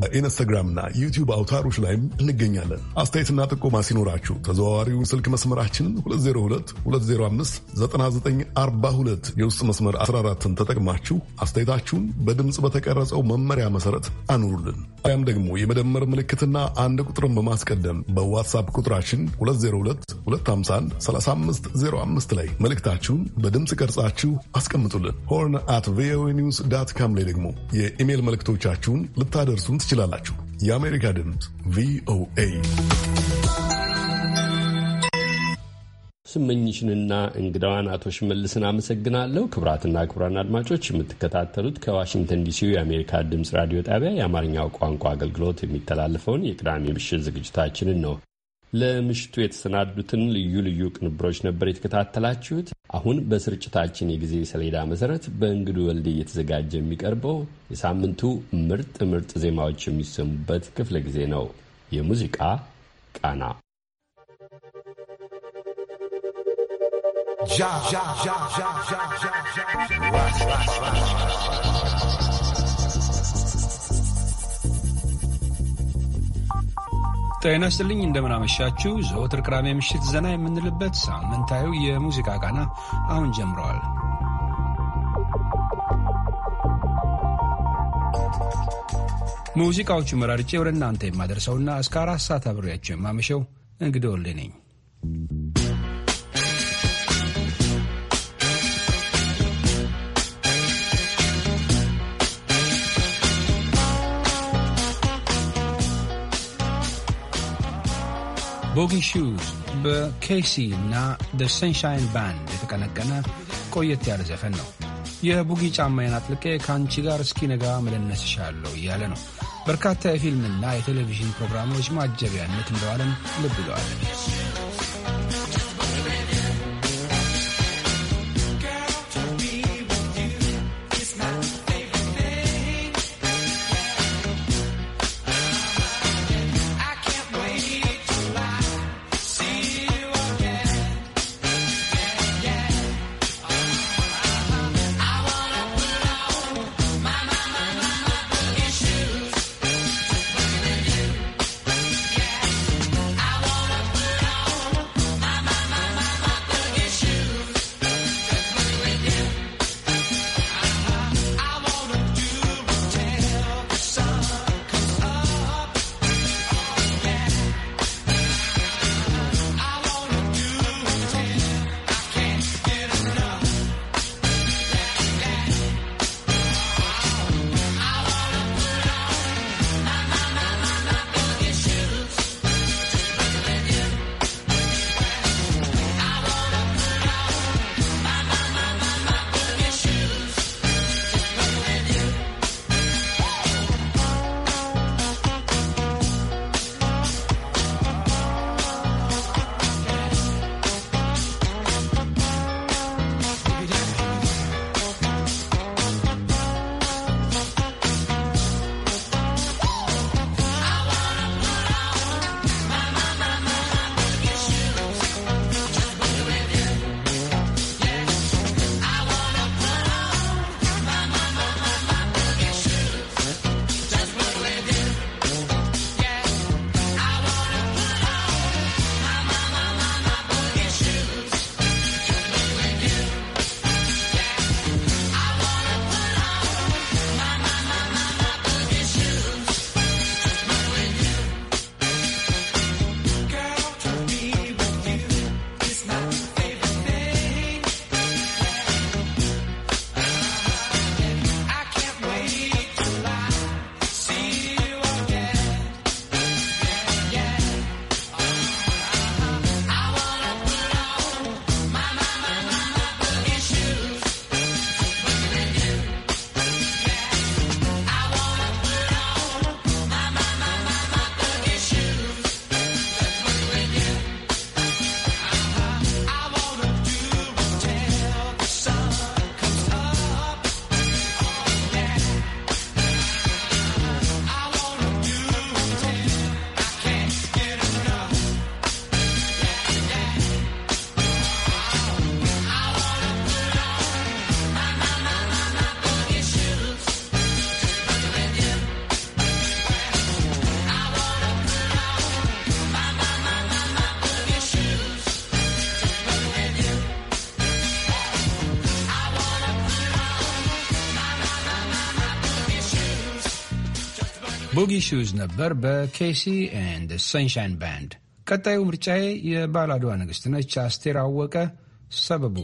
በኢንስታግራምና ዩቲዩብ አውታሮች ላይም እንገኛለን። አስተያየትና ጥቆማ ሲኖራችሁ ተዘዋዋሪው ስልክ መስመራችንን 2022059942 የውስጥ መስመር 14ን ተጠቅማችሁ አስተያየታችሁን በድምፅ በተቀረጸው መመሪያ መሰረት አኑሩልን። ያም ደግሞ የመደመር ምልክትና አንድ ቁጥርን በማስቀደም በዋትሳፕ ቁጥራችን 2022513505 ላይ መልእክታችሁን በድምፅ ቀርጻችሁ አስቀምጡልን። ሆርን አት ቪኦኤ ኒውስ ዳት ካም ላይ ደግሞ የኢሜይል መልእክቶቻችሁን ልታደርሱን ትችላላችሁ። የአሜሪካ ድምፅ ቪኦኤ ስመኝሽንና እንግዳዋን አቶ ሽመልስን አመሰግናለሁ። ክብራትና ክቡራን አድማጮች የምትከታተሉት ከዋሽንግተን ዲሲ የአሜሪካ ድምፅ ራዲዮ ጣቢያ የአማርኛው ቋንቋ አገልግሎት የሚተላለፈውን የቅዳሜ ምሽት ዝግጅታችንን ነው። ለምሽቱ የተሰናዱትን ልዩ ልዩ ቅንብሮች ነበር የተከታተላችሁት። አሁን በስርጭታችን የጊዜ ሰሌዳ መሰረት በእንግዱ ወልዴ እየተዘጋጀ የሚቀርበው የሳምንቱ ምርጥ ምርጥ ዜማዎች የሚሰሙበት ክፍለ ጊዜ ነው። የሙዚቃ ቃና ja ጤና ይስጥልኝ እንደምናመሻችሁ። ዘወትር ቅዳሜ ምሽት ዘና የምንልበት ሳምንታዊ የሙዚቃ ቃና አሁን ጀምረዋል። ሙዚቃዎቹ መራርጬ ወደ እናንተ የማደርሰውና እስከ አራት ሰዓት አብሬያቸው የማመሸው እንግዲህ ወሌ ነኝ። ቦጊ ሹዝ በኬሲ እና ደ ሰንሻይን ባንድ የተቀነቀነ ቆየት ያለ ዘፈን ነው። የቡጊ ጫማዬን አጥልቄ ከአንቺ ጋር እስኪ ነጋ መለነስሻለሁ እያለ ነው። በርካታ የፊልምና የቴሌቪዥን ፕሮግራሞች ማጀቢያነት እንደዋለም ልብ ቦጊ ሹዝ ነበር በኬሲ ኤንድ ሰንሻይን ባንድ። ቀጣዩ ምርጫዬ የባላዷ ንግሥት ነች፣ አስቴር አወቀ ሰበቡ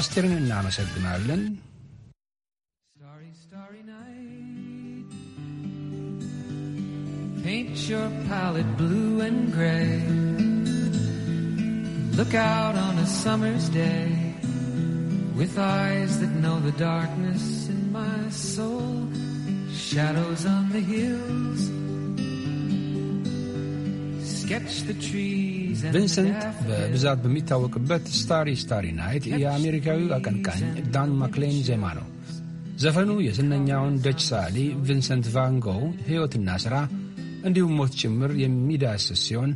አስቴርን እናመሰግናለን። Paint your palette blue and gray. Look out on a summer's day with eyes that know the darkness in my soul. Shadows on the hills. ቪንሰንት በብዛት በሚታወቅበት ስታሪ ስታሪ ናይት የአሜሪካዊ አቀንቃኝ ዳን ማክሌን ዜማ ነው። ዘፈኑ የዝነኛውን ደች ሳሊ ቪንሰንት ቫንጎ ሕይወትና ሥራ እንዲሁም ሞት ጭምር የሚዳስስ ሲሆን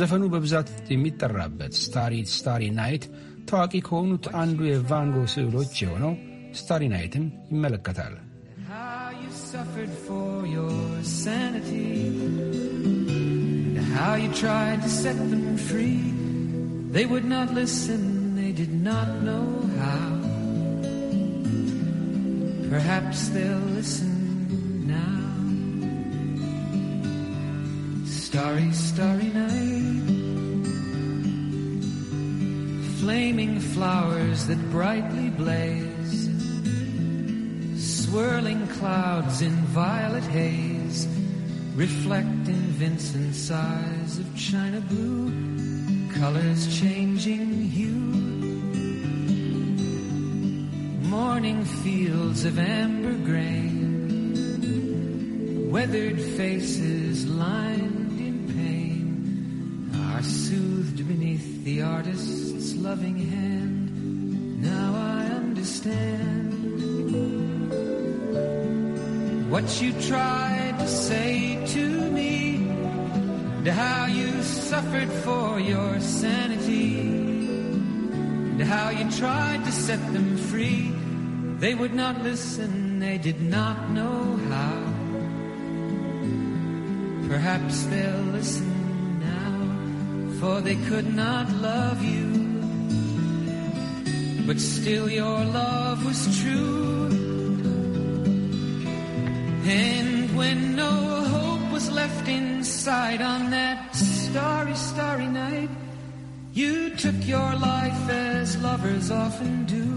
ዘፈኑ በብዛት የሚጠራበት ስታሪ ስታሪ ናይት ታዋቂ ከሆኑት አንዱ የቫንጎ ስዕሎች የሆነው ስታሪ ናይትን ይመለከታል። How you tried to set them free. They would not listen, they did not know how. Perhaps they'll listen now. Starry, starry night. Flaming flowers that brightly blaze. Swirling clouds in violet haze. Reflecting Vincent's eyes of china blue, colors changing hue. Morning fields of amber grain, weathered faces lined in pain are soothed beneath the artist's loving hand. Now I understand what you tried to say to me and how you suffered for your sanity, and how you tried to set them free. They would not listen, they did not know how. Perhaps they'll listen now, for they could not love you. But still, your love was true. And when no was left inside on that starry, starry night. You took your life as lovers often do.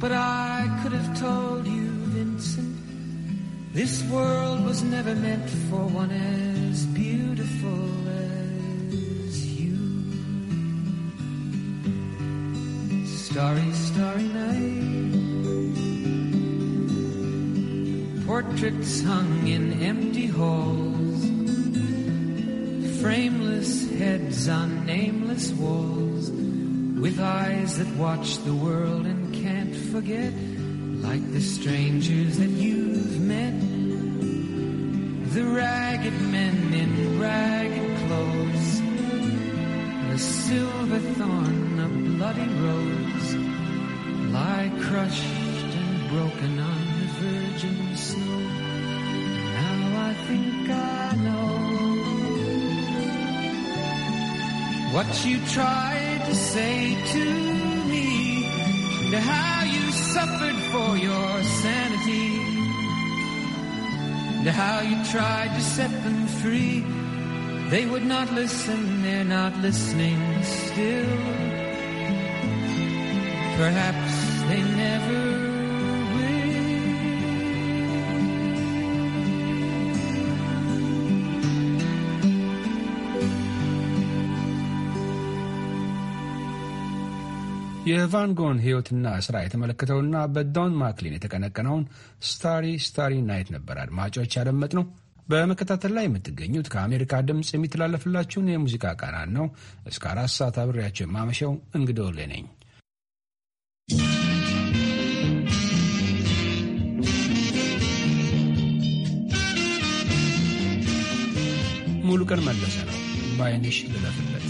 But I could have told you, Vincent, this world was never meant for one as beautiful as you. Starry, starry night. portraits hung in empty halls, frameless heads on nameless walls, with eyes that watch the world and can't forget, like the strangers that you've met, the ragged men in ragged clothes, the silver thorn, a bloody rose, lie crushed and broken on virgin snow. Now I think I know what you tried to say to me and how you suffered for your sanity and how you tried to set them free. They would not listen, they're not listening still. Perhaps they never የቫንጎን ሕይወትና ስራ የተመለከተውና በዶን ማክሊን የተቀነቀነውን ስታሪ ስታሪ ናይት ነበር አድማጮች ያደመጥ ነው። በመከታተል ላይ የምትገኙት ከአሜሪካ ድምፅ የሚተላለፍላችሁን የሙዚቃ ቃናን ነው። እስከ አራት ሰዓት አብሬያቸው የማመሸው እንግዶልህ ነኝ። ሙሉ ቀን መለሰ ነው ባይንሽ ልለፍለት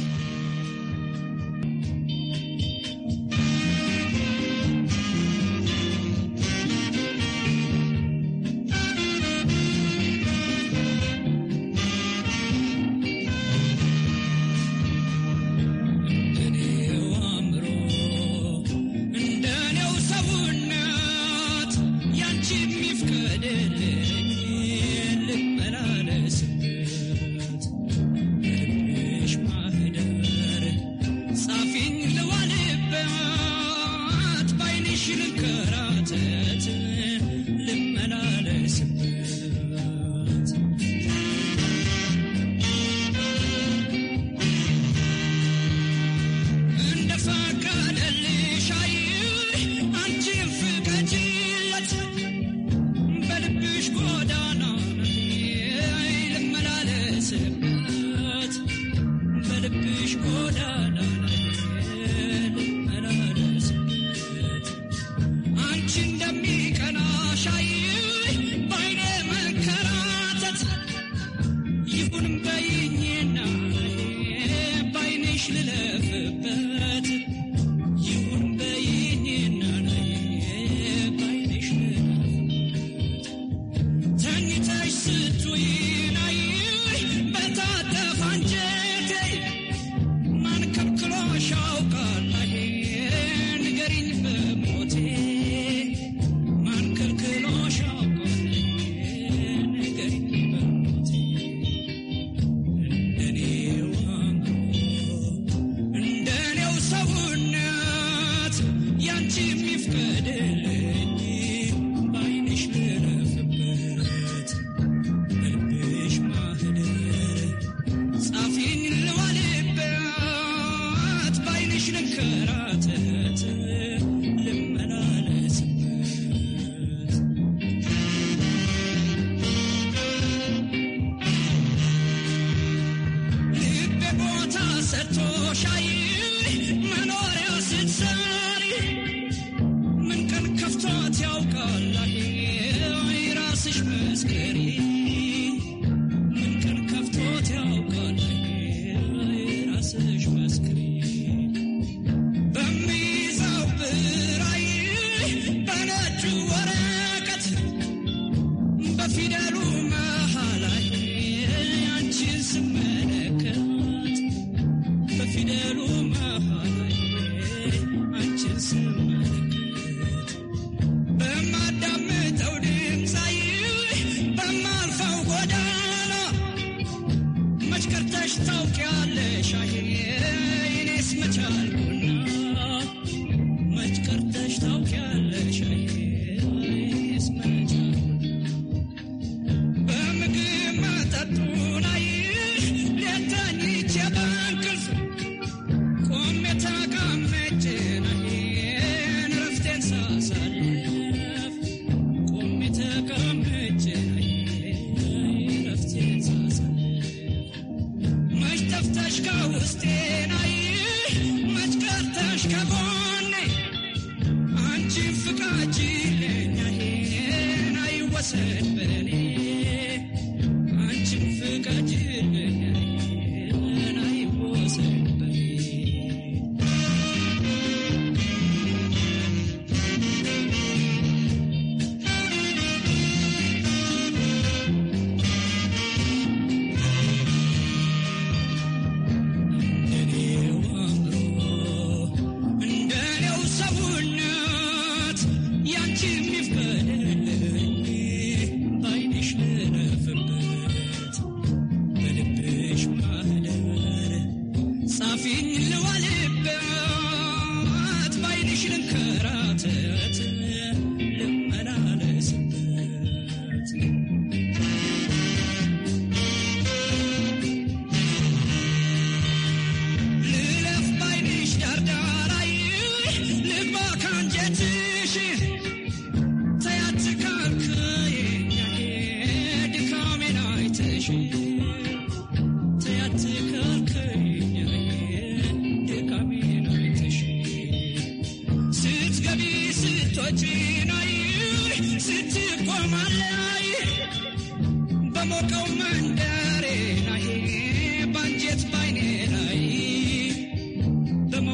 Let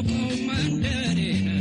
Oh, my daddy.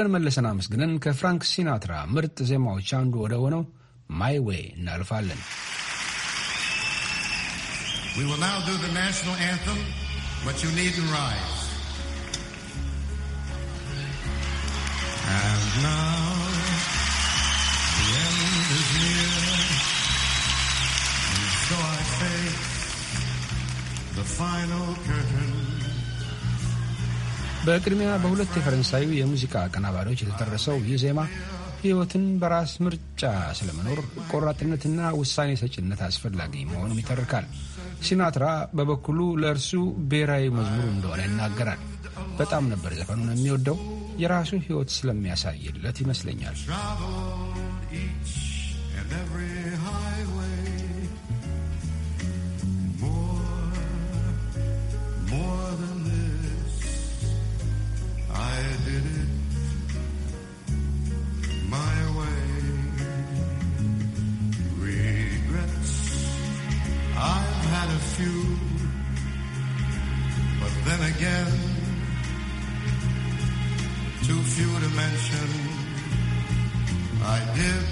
ቀን መለሰን አመስግነን ከፍራንክ ሲናትራ ምርጥ ዜማዎች አንዱ ወደ ሆነው ማይ ዌይ እናልፋለን። We will now do the national anthem, but you needn't rise. And now the end is near, and so I face the final curtain. በቅድሚያ በሁለት የፈረንሳዩ የሙዚቃ አቀናባሪዎች የተደረሰው ይህ ዜማ ሕይወትን በራስ ምርጫ ስለመኖር ቆራጥነትና ውሳኔ ሰጭነት አስፈላጊ መሆኑን ይተርካል። ሲናትራ በበኩሉ ለእርሱ ብሔራዊ መዝሙሩ እንደሆነ ይናገራል። በጣም ነበር ዘፈኑን የሚወደው የራሱ ሕይወት ስለሚያሳይለት ይመስለኛል። did it my way. Regrets, I've had a few, but then again, too few to mention. I did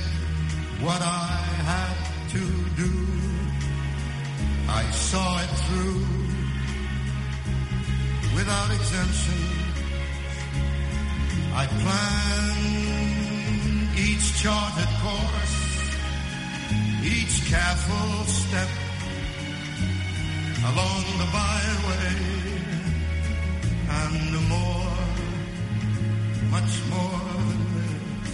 what I had to do. I saw it through without exemption. I planned each charted course, each careful step along the byway, and more, much more than this,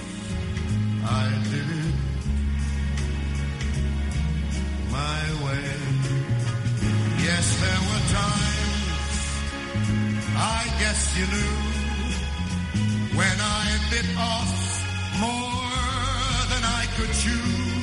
I did it my way. Yes, there were times I guess you knew bit off more than I could chew.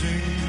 sing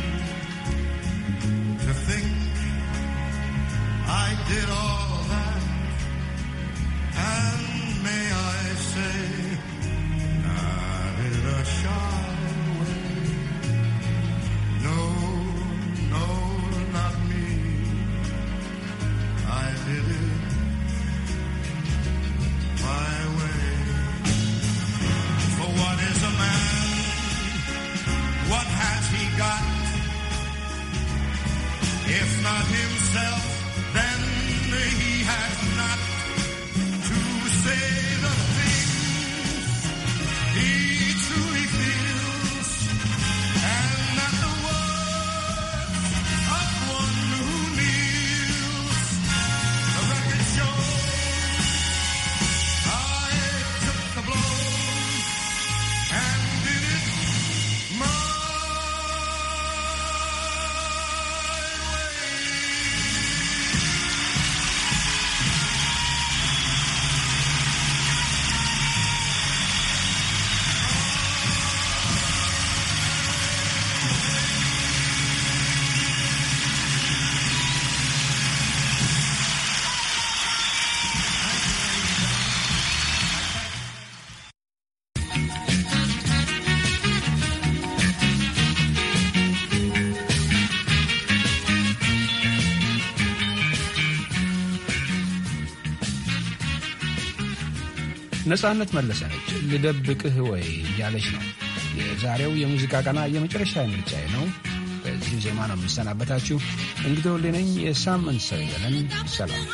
ነፃነት መለሰ ነች። ልደብቅህ ወይ እያለች ነው። የዛሬው የሙዚቃ ቀና የመጨረሻ ምርጫዬ ነው። በዚህ ዜማ ነው የምሰናበታችሁ። እንግዲህ ሁሌ ነኝ። የሳምንት ሰው ይበለን። ሰላም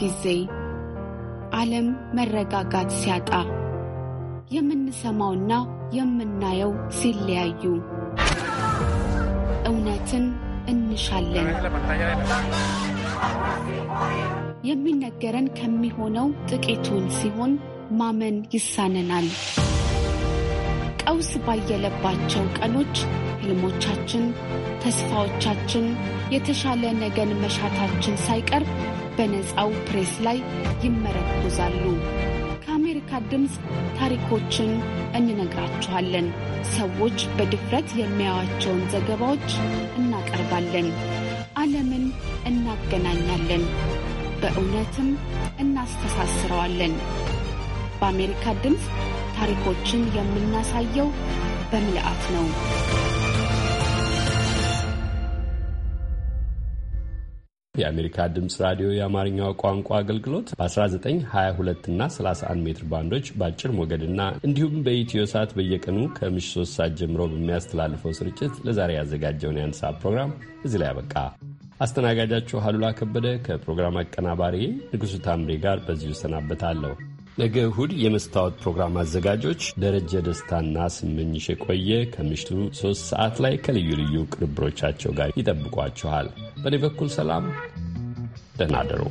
ጊዜ ዓለም መረጋጋት ሲያጣ የምንሰማውና የምናየው ሲለያዩ እውነትን እንሻለን። የሚነገረን ከሚሆነው ጥቂቱን ሲሆን ማመን ይሳነናል። ቀውስ ባየለባቸው ቀኖች ህልሞቻችን፣ ተስፋዎቻችን፣ የተሻለ ነገን መሻታችን ሳይቀር በነፃው ፕሬስ ላይ ይመረኮዛሉ። ከአሜሪካ ድምፅ ታሪኮችን እንነግራችኋለን። ሰዎች በድፍረት የሚያዩዋቸውን ዘገባዎች እናቀርባለን። ዓለምን እናገናኛለን፣ በእውነትም እናስተሳስረዋለን። በአሜሪካ ድምፅ ታሪኮችን የምናሳየው በምልአት ነው። የአሜሪካ ድምፅ ራዲዮ የአማርኛው ቋንቋ አገልግሎት በ1922 እና 31 ሜትር ባንዶች በአጭር ሞገድና እንዲሁም በኢትዮ ሰዓት በየቀኑ ከምሽ 3 ሰዓት ጀምሮ በሚያስተላልፈው ስርጭት ለዛሬ ያዘጋጀውን የአንድ ፕሮግራም እዚህ ላይ ያበቃ። አስተናጋጃችሁ አሉላ ከበደ ከፕሮግራም አቀናባሪ ንጉሱ ታምሬ ጋር በዚሁ እሰናበታለሁ። ነገ እሁድ የመስታወት ፕሮግራም አዘጋጆች ደረጀ ደስታና ስመኝሽ የቆየ ከምሽቱ ሶስት ሰዓት ላይ ከልዩ ልዩ ቅንብሮቻቸው ጋር ይጠብቋችኋል። በእኔ በኩል ሰላም፣ ደህና አደሩ።